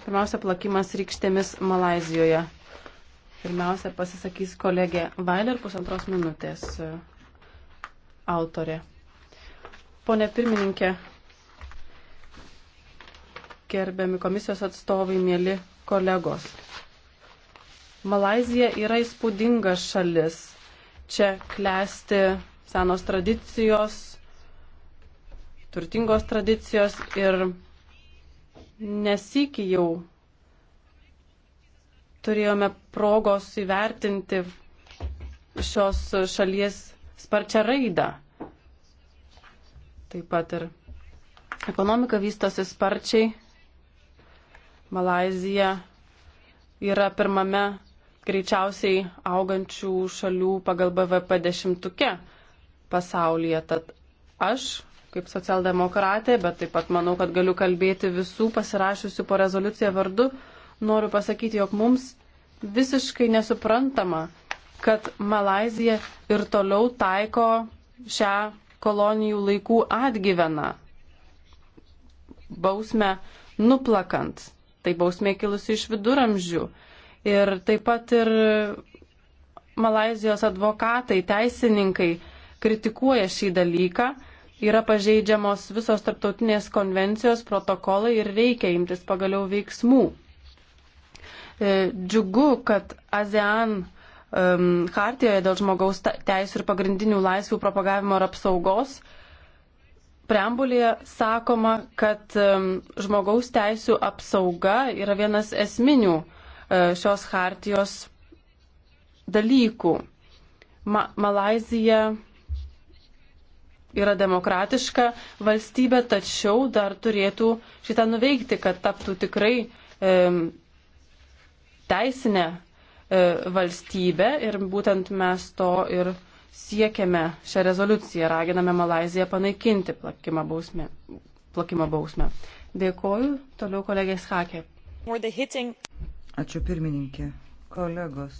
Pirmiausia, plakimas rykštėmis Malazijoje. Pirmiausia, pasisakys kolegė Vailer pusantros minutės e, autorė. Pone pirmininkė, gerbiami komisijos atstovai, mėly kolegos. Malazija yra įspūdinga šalis. Čia klesti senos tradicijos, turtingos tradicijos ir nesikį jau turėjome progos įvertinti šios šalies sparčią raidą. Taip pat ir ekonomika vystosi sparčiai. Malazija yra pirmame greičiausiai augančių šalių pagal BVP dešimtuke pasaulyje. Tad aš kaip socialdemokratė, bet taip pat manau, kad galiu kalbėti visų pasirašiusių po rezoliuciją vardu. Noriu pasakyti, jog mums visiškai nesuprantama, kad Malazija ir toliau taiko šią kolonijų laikų atgyveną bausmę nuplakant. Tai bausmė kilusi iš viduramžių. Ir taip pat ir Malazijos advokatai, teisininkai kritikuoja šį dalyką yra pažeidžiamos visos tarptautinės konvencijos protokolai ir reikia imtis pagaliau veiksmų. E, džiugu, kad ASEAN um, hartijoje dėl žmogaus teisų ir pagrindinių laisvių propagavimo ir apsaugos preambulėje sakoma, kad um, žmogaus teisų apsauga yra vienas esminių uh, šios hartijos dalykų. Ma Malazija yra demokratiška valstybė, tačiau dar turėtų šitą nuveikti, kad taptų tikrai e, teisinę e, valstybę ir būtent mes to ir siekiame šią rezoliuciją, raginame Malaziją panaikinti plakimą bausmę. Plakimą bausmę. Dėkoju, toliau kolegės Hakė. Ačiū pirmininkė, kolegos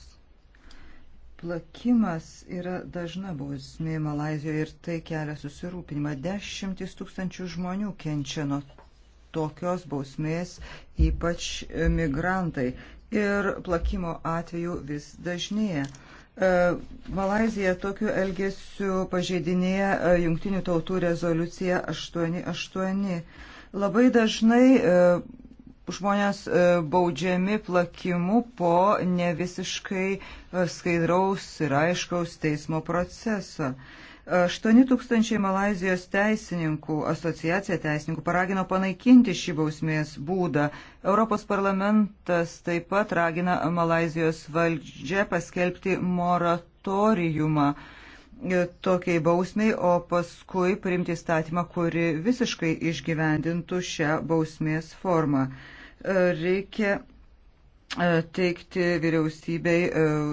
Plakimas yra dažna bausmė Malazijoje ir tai kelia susirūpinimą. Dešimtis tūkstančių žmonių kenčia nuo tokios bausmės, ypač migrantai. Ir plakimo atveju vis dažnėja. E, Malazija tokiu elgesiu pažeidinėja e, Junktinių tautų rezoliuciją 88. Labai dažnai e, žmonės e, baudžiami plakimu po nevisiškai e, skaidraus ir aiškaus teismo proceso. 8 tūkstančiai Malazijos teisininkų asociacija teisininkų paragino panaikinti šį bausmės būdą. Europos parlamentas taip pat ragina Malazijos valdžią paskelbti moratoriumą uh, E, tokiai bausmiai, o paskui priimti įstatymą, kuri visiškai išgyvendintų šią bausmės formą. E, reikia e, teikti vyriausybei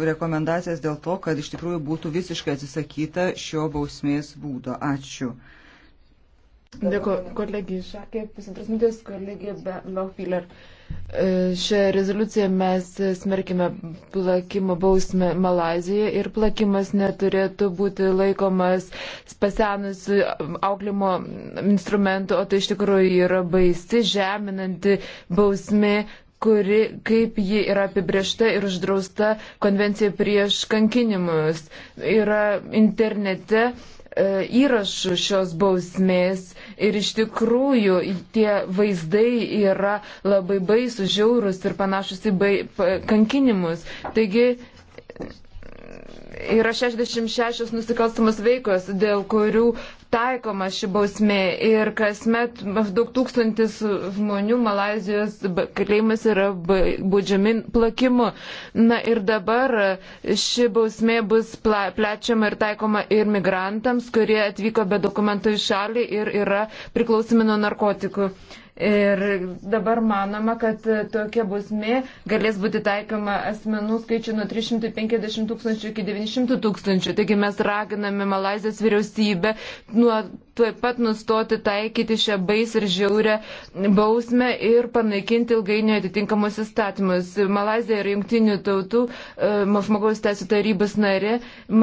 rekomendacijas dėl to, kad iš tikrųjų būtų visiškai atsisakyta šio bausmės būdo. Ačiū. Dėkuoju, kolegija Šakė, pusantros minutės, kolegija Lofiler. Be... E, šią rezoliuciją mes smerkime plakimo bausmę Malazijoje ir plakimas neturėtų būti laikomas pasenusiu auklimo instrumentu, o tai iš tikrųjų yra baisi, žeminanti bausmė, kuri, kaip ji yra apibriešta ir uždrausta konvencija prieš kankinimus. Yra internete E, įrašų šios bausmės ir iš tikrųjų tie vaizdai yra labai baisų, žiaurus ir panašus į bai, kankinimus. Taigi yra 66 nusikalstamos veikos, dėl kurių taikoma ši bausmė ir kasmet maždaug tūkstantis žmonių Malazijos kalėjimas yra būdžiami plakimu. Na ir dabar ši bausmė bus plečiama ir taikoma ir migrantams, kurie atvyko be dokumentų į šalį ir yra priklausomi nuo narkotikų. Ir dabar manoma, kad tokia bausmė galės būti taikoma asmenų skaičių nuo 350 tūkstančių iki 900 šimtų tūkstančių. Taigi mes raginame Malazijos vyriausybę nuo taip pat nustoti taikyti šią bais ir žiaurę bausmę ir panaikinti ilgainiui atitinkamus įstatymus. Malazija yra jungtinių tautų e, žmogaus teisų tarybos narė.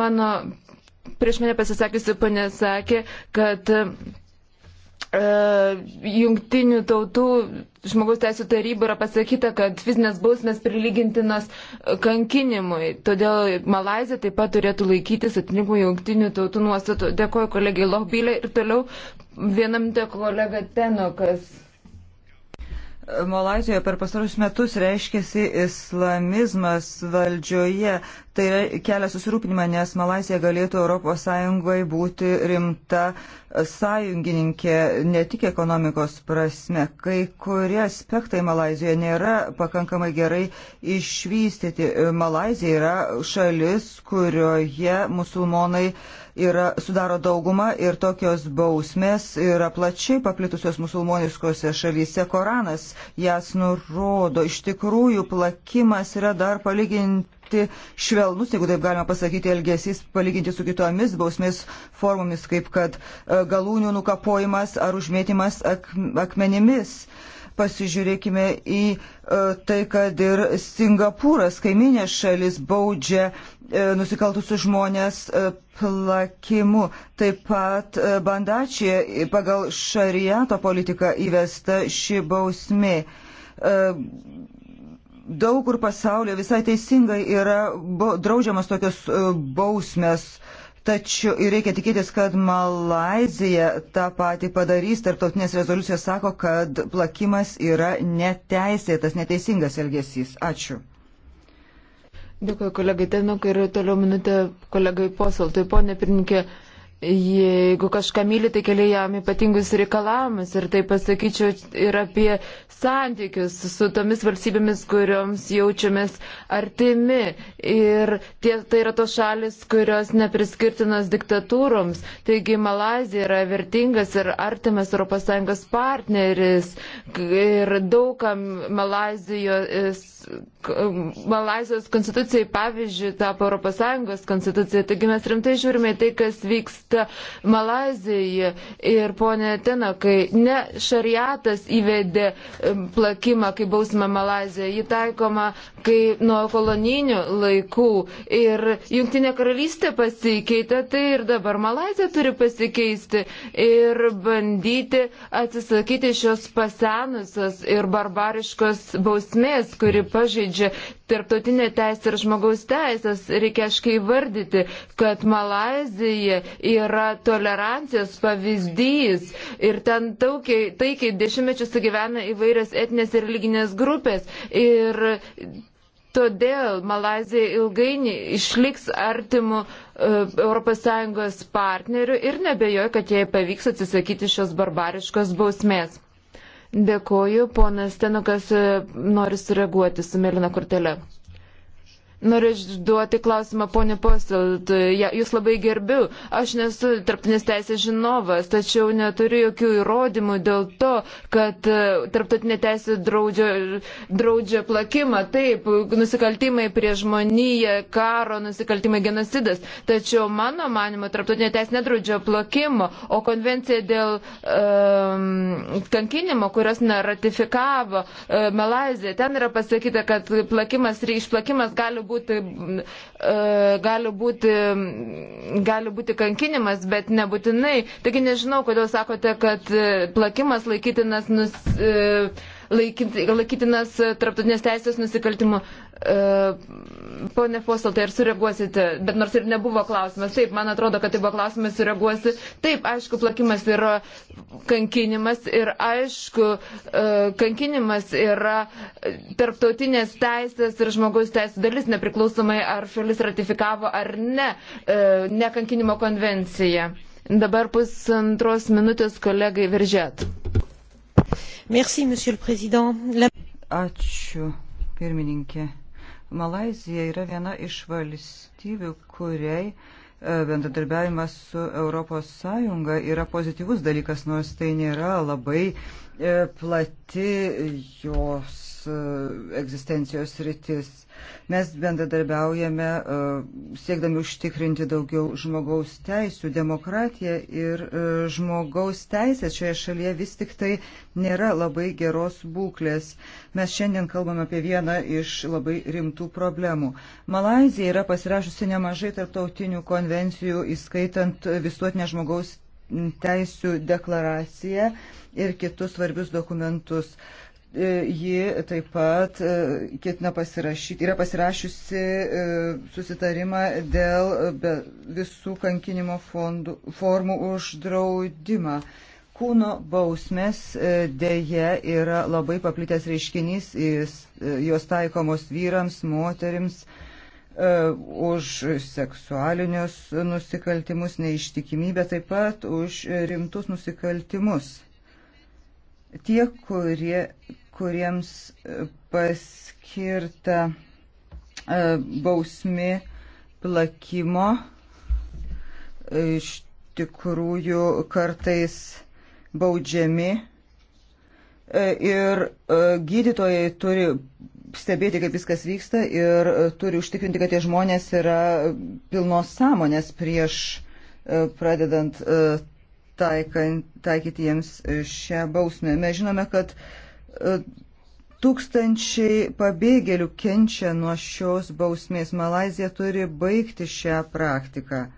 Mano prieš mane pasisakiusi ponė sakė, kad E, jungtinių tautų žmogaus teisų taryba yra pasakyta, kad fizinės bausmės prilygintinos kankinimui. Todėl Malazija taip pat turėtų laikytis atininkų jungtinių tautų nuostatų. Dėkoju kolegiai Lohbylė ir toliau vienam te kolega Tenokas. Malazijoje per pastarus metus reiškėsi islamizmas valdžioje. Tai kelia susirūpinimą, nes Malazija galėtų ES būti rimta sąjungininkė ne tik ekonomikos prasme. Kai kurie aspektai Malazijoje nėra pakankamai gerai išvystyti. Malazija yra šalis, kurioje musulmonai uh, yra, sudaro daugumą ir tokios bausmės yra plačiai paplitusios musulmoniškose šalyse. Koranas jas nurodo. Iš tikrųjų, plakimas yra dar palyginti švelnus, jeigu taip galima pasakyti, elgesys palyginti su kitomis bausmės formomis, kaip kad e, galūnių nukapojimas ar užmėtymas ak akmenimis. Uh, pasižiūrėkime į e, tai, kad ir Singapūras, kaiminė šalis, baudžia e, nusikaltusius žmonės e, plakimu. Taip pat bandačiai pagal šariato politiką įvesta ši bausmė daug kur pasaulyje visai teisingai yra draudžiamas tokios bausmės Tačiau ir reikia tikėtis, kad Malazija tą patį padarys. Tarptautinės rezoliucijos sako, kad plakimas yra neteisėtas, neteisingas elgesys. Ačiū. Dėkuoju kolegai Tenok ir toliau minutę kolegai Posaltui. Pone Pirninkė, Jeigu kažką myli, tai keli jam ypatingus reikalavimus ir tai pasakyčiau ir apie santykius su tomis valstybėmis, kurioms jaučiamės artimi. Ir tie, tai yra tos šalis, kurios nepriskirtinos diktatūroms. Taigi Malazija yra vertingas ir artimas ES partneris. Ir daugam Malazijos Um, Malazijos konstitucijai pavyzdžiui tapo ES konstitucija. Taigi mes rimtai žiūrime tai, kas vyksta Malazijoje. Ir ponė Tenokai, ne šariatas įvedė um, plakimą, kai bausime Malazijoje. Ji taikoma, kai nuo koloninių laikų. Ir Junktinė karalystė pasikeitė, tai ir dabar Malazija turi pasikeisti ir bandyti atsisakyti šios pasenusios ir barbariškos bausmės, kuri pažeidžia tarptautinę teisę ir žmogaus teisės, reikia aiškiai vardyti, kad Malazija yra tolerancijos pavyzdys ir ten taukiai, taikiai dešimtmečius sugyvena įvairias etinės ir religinės grupės. Ir Todėl Malazija ilgainiui išliks artimu ES partneriu ir nebejoju, kad jai pavyks atsisakyti šios barbariškos bausmės. Dėkoju, ponas Tenukas e, nori sureaguoti su mėlyna kortelė. Noriu duoti klausimą, ponė Postilt, ja, jūs labai gerbiu, aš nesu tarptautinės teisės žinovas, tačiau neturiu jokių įrodymų dėl to, kad e, tarptautinė teisė draudžia, draudžia plakimą, taip, nusikaltimai prie žmoniją, karo, nusikaltimai genocidas, tačiau mano manimo tarptautinė teisė nedraudžia plakimo, o konvencija dėl um, kankinimo, kurios neratifikavo uh, Malazija, ten yra pasakyta, kad plakimas ir išplakimas gali būti, e, gali būti, gali būti kankinimas, bet nebūtinai. Taigi nežinau, kodėl sakote, kad e, plakimas laikytinas nus. E, laikytinas e, tarptautinės teisės nusikaltimu. E, pone Fosaltai, ar sureaguosite? Bet nors ir nebuvo klausimas. Taip, man atrodo, kad tai buvo klausimas, sureaguosi. Taip, aišku, plakimas yra kankinimas ir aišku, e, kankinimas yra tarptautinės teisės ir žmogaus teisų dalis, nepriklausomai ar šalis ratifikavo ar ne, nekankinimo konvenciją. Dabar pusantros minutės kolegai Viržet. Merci, Ačiū, pirmininkė. Malazija yra viena iš valstybių, kuriai e, bendradarbiavimas su ES yra pozityvus dalykas, nors tai nėra labai e, plati jos egzistencijos rytis. Mes bendradarbiaujame e, siekdami užtikrinti daugiau žmogaus teisų, demokratiją ir e, žmogaus teisės šioje šalyje vis tik tai nėra labai geros būklės. Mes šiandien kalbame apie vieną iš labai rimtų problemų. Malazija yra pasirašusi nemažai tarptautinių konvencijų, įskaitant visuotinę žmogaus teisų deklaraciją ir kitus svarbius dokumentus. E, ji taip pat e, ketina pasirašyti, yra pasirašiusi e, susitarimą dėl visų kankinimo fondų, formų uždraudimą. Kūno bausmės dėje yra labai paplitęs reiškinys, jos taikomos vyrams, moterims už seksualinius nusikaltimus, neištikimybę, taip pat už rimtus nusikaltimus tie, kurie kuriems e, paskirta e, bausmi plakimo. E, iš tikrųjų kartais baudžiami ir gydytojai turi stebėti, kaip viskas vyksta ir turi užtikrinti, kad tie žmonės yra pilnos sąmonės prieš pradedant taikant, taikyti jiems šią bausmę. Mes žinome, kad uh, Tūkstančiai pabėgėlių kenčia nuo šios bausmės. Malazija turi baigti šią praktiką. E,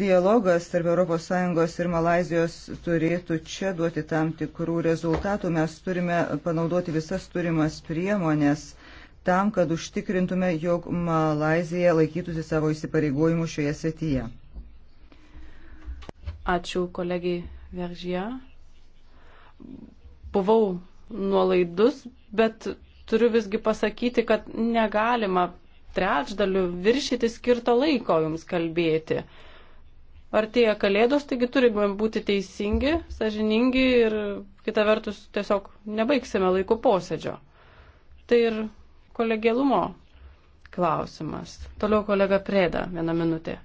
dialogas tarp ES ir Malazijos turėtų čia duoti tam tikrų rezultatų. Mes turime panaudoti visas turimas priemonės tam, kad užtikrintume, jog Malazija laikytųsi savo įsipareigojimų šioje setyje. Ačiū kolegijai Veržyje buvau nuolaidus, bet turiu visgi pasakyti, kad negalima trečdaliu viršyti skirto laiko jums kalbėti. Artėja kalėdos, taigi turime būti teisingi, sažiningi ir kita vertus tiesiog nebaigsime laiko posėdžio. Tai ir kolegėlumo klausimas. Toliau kolega Prėda, vieną minutę.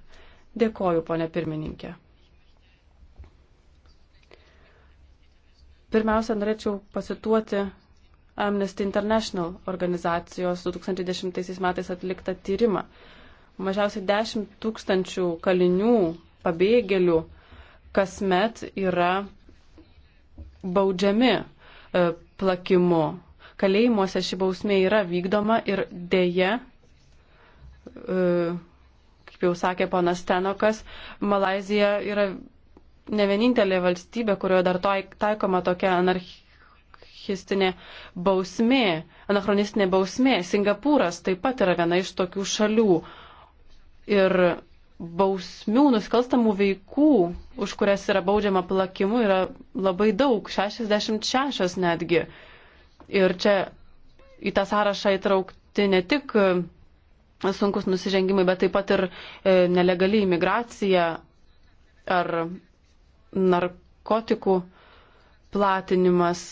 Dėkoju, ponė pirmininkė. Pirmiausia, norėčiau pasituoti Amnesty International organizacijos 2010 metais atliktą tyrimą. Mažiausiai 10 tūkstančių kalinių, pabėgėlių kasmet yra baudžiami e, plakimu. Kalėjimuose ši bausmė yra vykdoma ir dėje, e, kaip jau sakė ponas Tenokas, Malazija yra ne vienintelė valstybė, kurioje dar taikoma tokia anarchistinė bausmė, anachronistinė bausmė. Singapūras taip pat yra viena iš tokių šalių. Ir bausmių, nusikalstamų veikų, už kurias yra baudžiama plakimu, yra labai daug, 66 netgi. Ir čia į tą sąrašą įtraukti ne tik e, sunkus nusižengimai, bet taip pat ir e, nelegali imigracija ar narkotikų platinimas.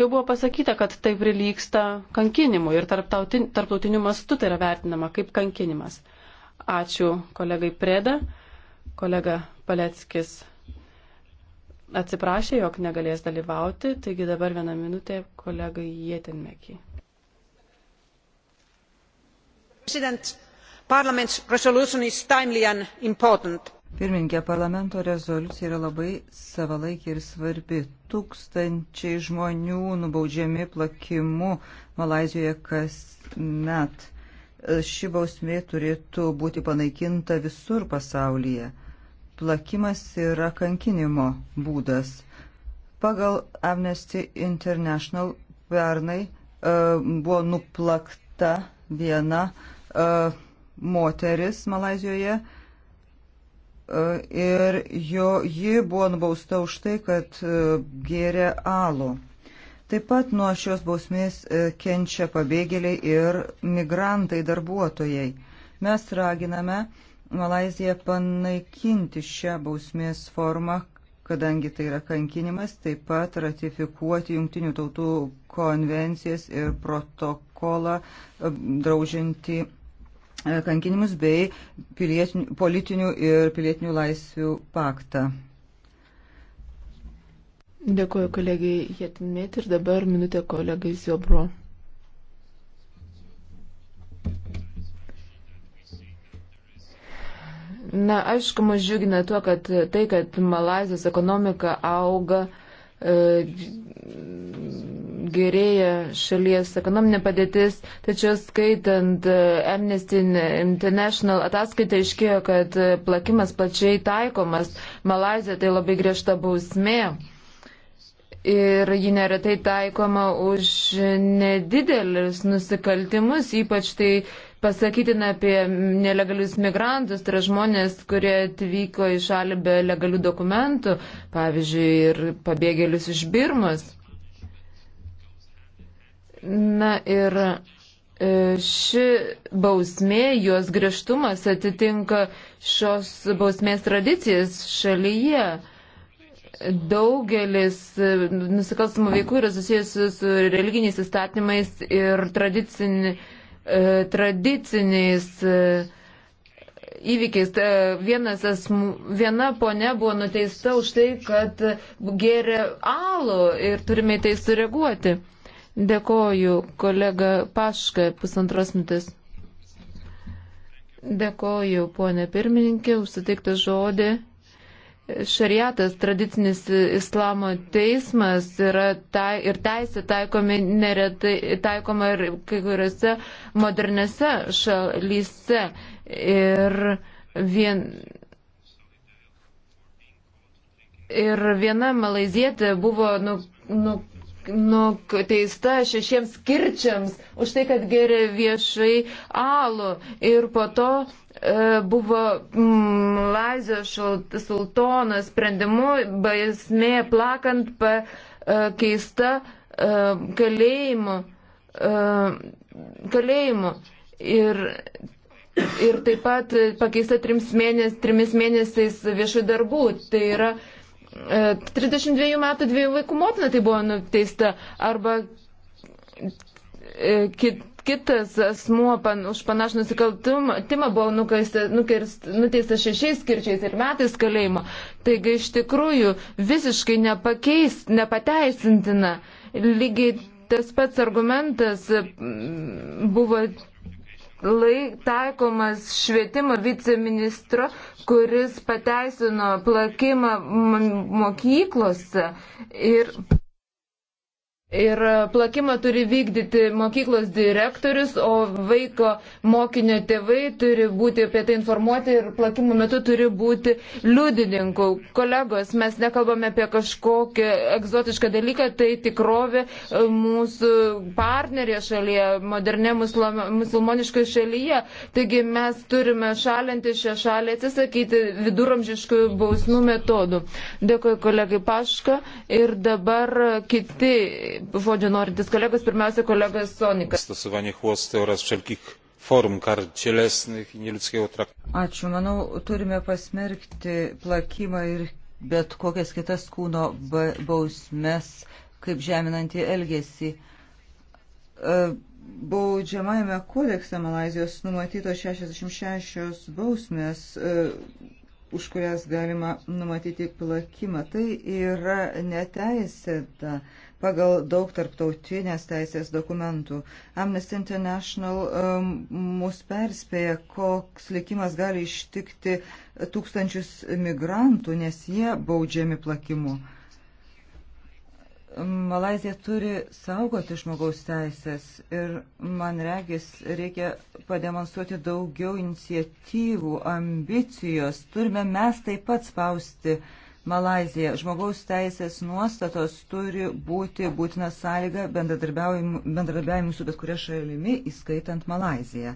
Jau buvo pasakyta, kad tai prilyksta kankinimui ir tarptautiniu mastu tai yra vertinama kaip kankinimas. Ačiū kolegai Preda. Kolega Paleckis atsiprašė, jog negalės dalyvauti, taigi dabar vieną minutę kolegai Jėtinmekį. President, Parliament's resolution is timely and important Pirmininkė, parlamento rezoliucija yra labai savalaikė ir svarbi. Tūkstančiai žmonių nubaudžiami plakimu Malazijoje kasmet. Ši bausmė turėtų būti panaikinta visur pasaulyje. Plakimas yra kankinimo būdas. Pagal Amnesty International pernai uh, buvo nuplakta viena uh, moteris Malazijoje. Uh, ir jo, ji buvo nubausta už tai, kad e, gėrė alų. Taip pat nuo šios bausmės e, kenčia pabėgėliai ir migrantai darbuotojai. Mes raginame Malaziją panaikinti šią bausmės formą, kadangi tai yra kankinimas, taip pat ratifikuoti Junktinių tautų konvencijas ir protokolą e, draužinti E, kankinimus bei politinių ir pilietinių laisvių paktą. Dėkuoju kolegai Jetmit ir dabar minutė kolegai Ziobro. Na, aišku, mus džiugina tuo, kad tai, kad Malazijos ekonomika auga, e, gerėja šalies ekonominė padėtis, tačiau skaitant e, Amnesty International ataskaitą iškėjo, kad e, plakimas plačiai taikomas. Malazija tai labai griežta bausmė. Ir ji neretai taikoma už nedidelis nusikaltimus, ypač tai pasakytina apie nelegalius migrantus, tai yra žmonės, kurie atvyko į šalį be legalių dokumentų, pavyzdžiui, ir pabėgėlius iš Birmos. Na ir e, ši bausmė, jos griežtumas atitinka šios bausmės tradicijas šalyje. Daugelis e, nusikalstamų veikų yra susijusi su religiniais įstatymais ir tradicini, e, tradiciniais įvykiais. Vienas asmu, viena ponia buvo nuteista už tai, kad gėrė alų ir turime į tai sureaguoti. Dėkoju, kolega Paška, pusantros mintis. Dėkoju, ponė pirmininkė, užsiteiktą žodį. Šariatas, tradicinis islamo teismas, yra tai, ir teisė taikomi neretai, taikoma ir kai kuriuose modernėse šalyse. Ir, vien, ir viena malazietė buvo nu, nu, nuteista šešiems kirčiams už tai, kad geria viešai alų. Ir po to e, buvo mm, Lazijos sultono sprendimu, baismė plakant pakeista e, e, kalėjimu. E, kalėjimu. Ir ir taip pat pakeista trims, mėnes, trimis mėnesiais viešų darbų. Tai yra 32 e, metų dviejų vaikų motina tai buvo nuteista arba e, kit, kitas asmuo pan, už panašų nusikaltimą buvo nukaista, nukirst, nuteista šešiais skirčiais ir metais kalėjimo. Taigi iš tikrųjų visiškai nepakeis, nepateisintina. Lygiai tas pats argumentas buvo laik taikomas švietimo viceministro, kuris pateisino plakimą mokyklose ir Ir plakimą turi vykdyti mokyklos direktorius, o vaiko mokinio tėvai turi būti apie tai informuoti ir plakimo metu turi būti liudininkų. Kolegos, mes nekalbame apie kažkokį egzotišką dalyką, tai tikrovė e, mūsų partnerė šalyje, modernė musulmoniškoje šalyje. Taigi mes turime šalinti šią šalį, atsisakyti viduramžiškų bausmų metodų. Dėkuoju kolegai Paška ir dabar kiti žodžio norintis kolegos, pirmiausia kolegas Sonikas. Ačiū, manau, turime pasmerkti plakimą ir bet kokias kitas kūno bausmes kaip žeminantį elgesį. E, baudžiamajame kodekse Malazijos numatytos 66 bausmės, e, už kurias galima numatyti plakimą. Tai yra neteisėta pagal daug tarptautinės teisės dokumentų. Amnesty International um, mus perspėja, koks likimas gali ištikti tūkstančius migrantų, nes jie baudžiami plakimu. Malazija turi saugoti žmogaus teisės ir man regis reikia pademonstruoti daugiau iniciatyvų, ambicijos. Turime mes taip pat spausti uh, Malazija. Žmogaus teisės nuostatos turi būti būtina sąlyga bendradarbiavimui su bet kuria šalimi, įskaitant Malaziją.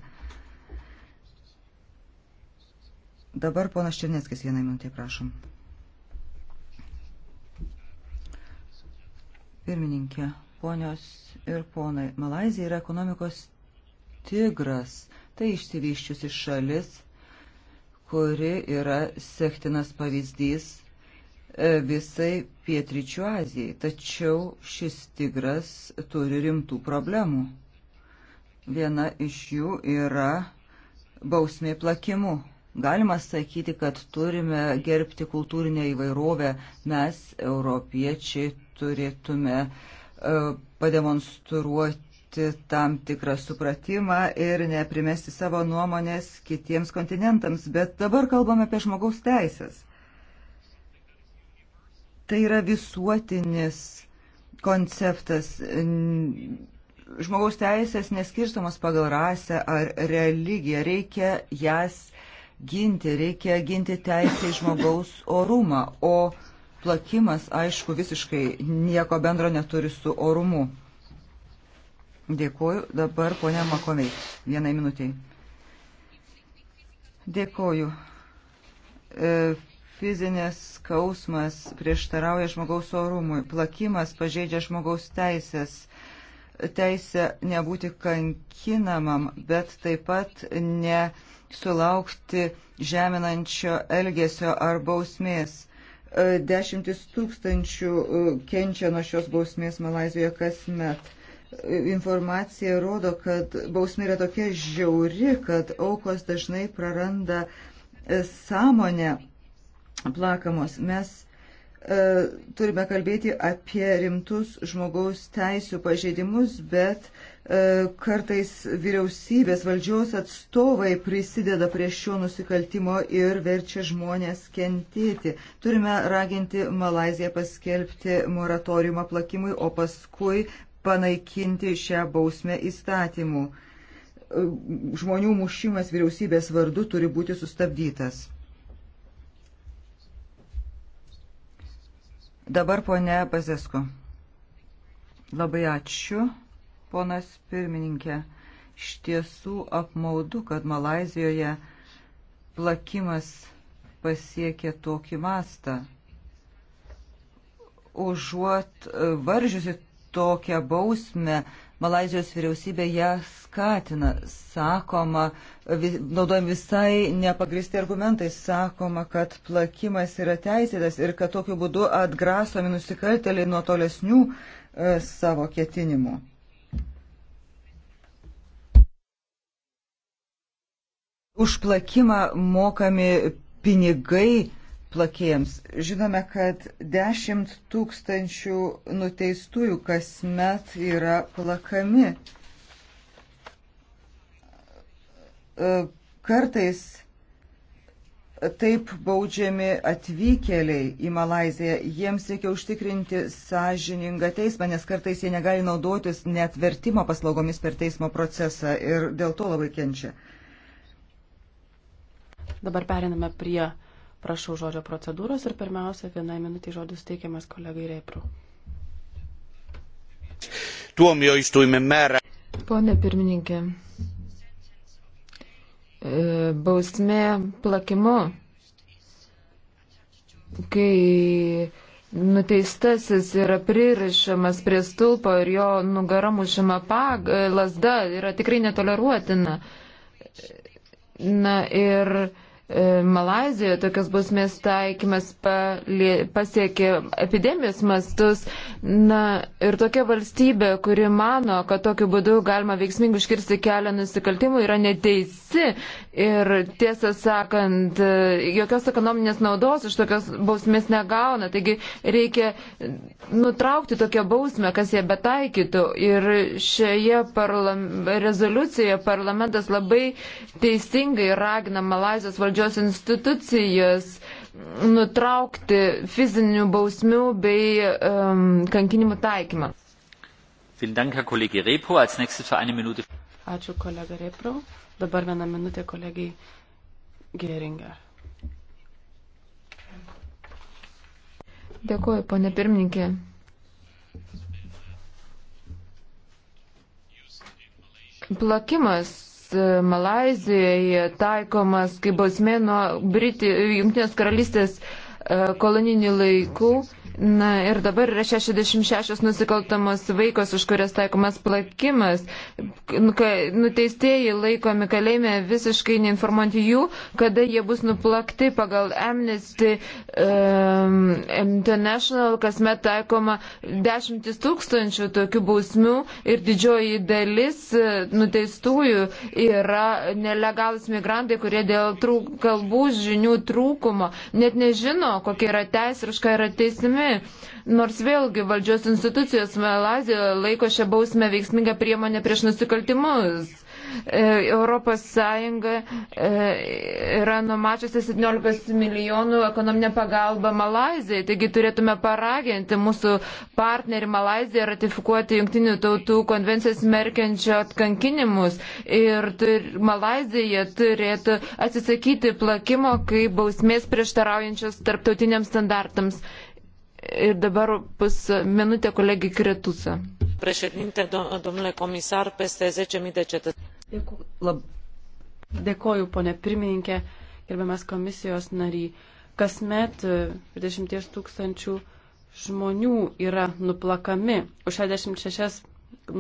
Dabar ponas Černeckis vienai minutė, prašom. Pirmininkė, ponios ir ponai, Malazija yra ekonomikos tigras. Tai išsivyščiusi šalis, kuri yra sektinas pavyzdys E, visai pietryčių Azijai. Tačiau šis tigras turi rimtų problemų. Viena iš jų yra bausmė plakimu. Galima sakyti, kad turime gerbti kultūrinę įvairovę. Mes, europiečiai, turėtume e, pademonstruoti tam tikrą supratimą ir neprimesti savo nuomonės kitiems kontinentams. Bet dabar kalbame apie žmogaus teisės Tai yra visuotinis konceptas. Žmogaus teisės neskirstamos pagal rasę ar religiją. Reikia jas ginti, reikia ginti teisę į žmogaus orumą, o plakimas, aišku, visiškai nieko bendro neturi su orumu. Dėkuoju. Dabar ponia Makomiai. Vienai minutiai. Dėkuoju. E, fizinės skausmas prieštarauja žmogaus orumui, plakimas pažeidžia žmogaus teisės, teisę nebūti kankinamam, bet taip pat nesulaukti žeminančio elgesio ar bausmės. E, dešimtis tūkstančių e, kenčia nuo šios bausmės Malazijoje kasmet e, informacija rodo, kad bausmė yra tokia žiauri, kad aukos dažnai praranda sąmonę plakamos. Mes e, turime kalbėti apie rimtus žmogaus teisų pažeidimus, bet e, kartais vyriausybės valdžios atstovai prisideda prie šio nusikaltimo ir verčia žmonės kentėti. Turime raginti Malaziją paskelbti moratoriumą plakimui, o paskui panaikinti šią bausmę įstatymų. E, žmonių mušimas vyriausybės vardu turi būti sustabdytas. Dabar ponė Bazesko. Labai ačiū, ponas pirmininkė. Iš tiesų apmaudu, kad Malazijoje plakimas pasiekė tokį mastą. Užuot e, varžiusi tokią bausmę, Malazijos vyriausybė ją skatina. Sakoma, naudojami visai nepagristi argumentai, sakoma, kad plakimas yra teisėtas ir kad tokiu būdu atgrasomi nusikalteliai nuo tolesnių e, savo ketinimų. Už plakimą mokami pinigai plakėjams. Žinome, kad 10 tūkstančių nuteistųjų kasmet yra plakami. E, kartais taip baudžiami atvykėliai į Malaziją. Jiems reikia užtikrinti sąžiningą teismą, nes kartais jie negali naudotis net vertimo paslaugomis per teismo procesą ir dėl to labai kenčia. Dabar periname prie Prašau žodžio procedūros ir pirmiausia, vienai minutį žodis teikiamas kolegai Reipru. Tuomioistuimen määrä. Pone pirmininkė, e, bausmė plakimu, kai nuteistasis yra pririšamas prie stulpo ir jo nugara mušama pag, e, lasda, yra tikrai netoleruotina. Na ir E, Malazijoje tokios bausmės taikymas pasiekė epidemijos mastus. Na ir tokia valstybė, kuri mano, kad tokiu būdu galima veiksmingai užkirsti kelią nusikaltimų, yra neteisi. Ir tiesą sakant, e, jokios ekonominės naudos iš tokios bausmės negauna. Taigi reikia nutraukti tokią bausmę, kas ją betaikytų. Ir šioje parlam rezoliucijoje parlamentas labai teisingai ragina Malazijos valdžią valdžios institucijos nutraukti fizinių bausmių bei um, kankinimų taikymą. Ačiū kolega Repro. Dabar vieną minutę kolegiai Geringer. Dėkuoju, ponė pirmininkė. Plakimas Malazijoje taikomas kaip bausmė nuo Briti, Junktinės karalystės e, koloninių laikų. Na ir dabar yra 66 nusikaltamos vaikos, už kurias taikomas plakimas. Nuteistieji laikomi kalėjime visiškai neinformuojant jų, kada jie bus nuplakti pagal Amnesty um, International, kasmet taikoma dešimtis tūkstančių tokių bausmių ir didžioji dalis e, nuteistųjų yra nelegalus migrantai, kurie dėl trūk, kalbų žinių trūkumo net nežino, kokia yra teisriška yra teisimi bausme. Nors vėlgi valdžios institucijos Malazijoje laiko šią bausmę veiksmingą priemonę prieš nusikaltimus. E, Europos Sąjunga e, yra numačiusi 17 milijonų ekonominę pagalbą Malazijai. Taigi turėtume paraginti mūsų partnerį Malaziją ratifikuoti Junktinių tautų konvencijas merkiančio atkankinimus. Ir tur, Malazija turėtų atsisakyti plakimo kaip bausmės prieštaraujančios tarptautiniams standartams. Ir dabar bus minutė kolegė Kretusa. Președinte, domnule comisar, peste 10.000 de cetățeni. Dėkoju, ponė pirmininkė, gerbiamas komisijos nary. Kasmet 20 e, tūkstančių žmonių yra nuplakami. Už 66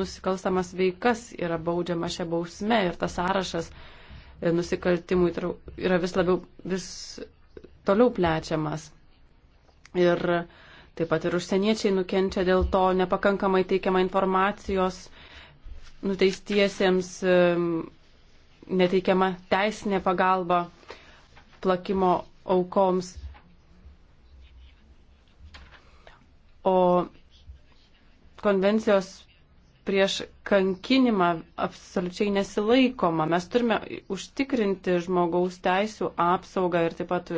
nusikalstamas veikas yra baudžiama šią bausmę ir tas sąrašas e, nusikaltimų yra vis labiau, vis toliau plečiamas. Ir uh, Taip pat ir užsieniečiai nukenčia dėl to nepakankamai teikiama informacijos nuteistiesiems, neteikiama teisinė pagalba plakimo aukoms. O konvencijos prieš kankinimą absoliučiai nesilaikoma. Mes turime užtikrinti žmogaus teisų apsaugą ir taip pat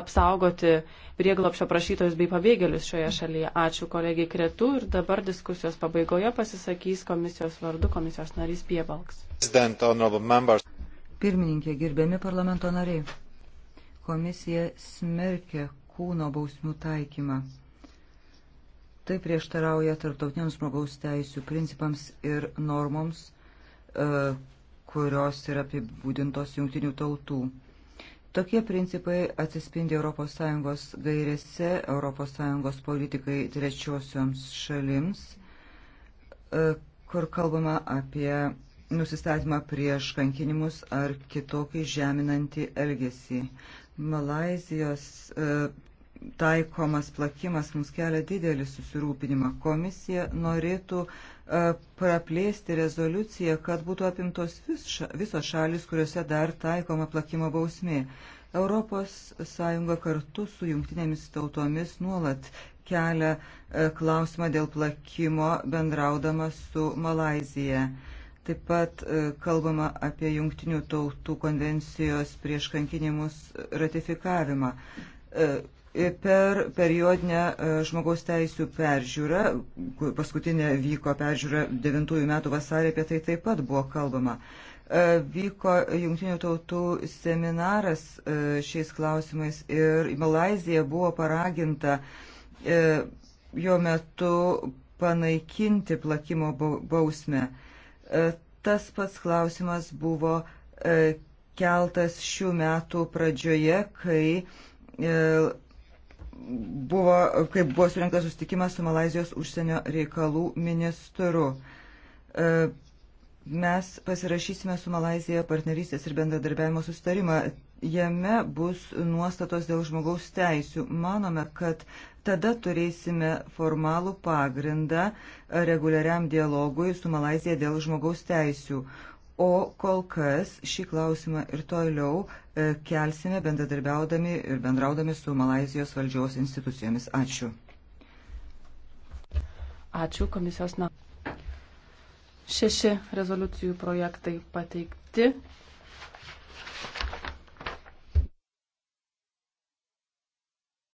apsaugoti prieglopšio prašytojus bei pabėgėlius šioje šalyje. Ačiū kolegiai Kretų ir dabar diskusijos pabaigoje pasisakys komisijos vardu komisijos narys Piebalks. Pirmininkė, gerbiami parlamento nariai, komisija smerkia kūno bausmių taikymą. Tai prieštarauja tarptautiniams žmogaus teisų principams ir normoms, e, kurios yra apibūdintos jungtinių tautų. Tokie principai atsispindi ES gairėse, ES politikai trečiosioms šalims, e, kur kalbama apie nusistatymą prieš kankinimus ar kitokį žeminantį elgesį. Malazijos e, taikomas plakimas mums kelia didelį susirūpinimą. Komisija norėtų e, praplėsti rezoliuciją, kad būtų apimtos visos šalis, kuriuose dar taikoma plakimo bausmė. ES kartu su jungtinėmis tautomis nuolat kelia e, klausimą dėl plakimo bendraudama su Malazija. Taip pat e, kalbama apie jungtinių tautų konvencijos prieš kankinimus ratifikavimą Per periodinę e, žmogaus teisų peržiūrą, paskutinė vyko peržiūra 9 metų vasarį, apie tai taip pat buvo kalbama. E, vyko jungtinių tautų seminaras e, šiais klausimais ir Malazija buvo paraginta jo metu panaikinti plakimo bausmę. Tas pats klausimas buvo keltas šių metų pradžioje, kai buvo, kaip buvo surinktas sustikimas su Malazijos užsienio reikalų ministru. E, mes pasirašysime su Malazija partnerystės ir bendradarbiavimo sustarimą. Jame bus nuostatos dėl žmogaus teisių. Manome, kad tada turėsime formalų pagrindą reguliariam dialogui su Malazija dėl žmogaus teisių. O kol kas šį klausimą ir toliau e, kelsime bendradarbiaudami ir bendraudami su Malazijos valdžios institucijomis. Ačiū. Ačiū komisijos na. Šeši rezoliucijų projektai pateikti.